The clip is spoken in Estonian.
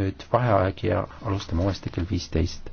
nüüd vaheaeg ja alustame uuesti kell viisteist.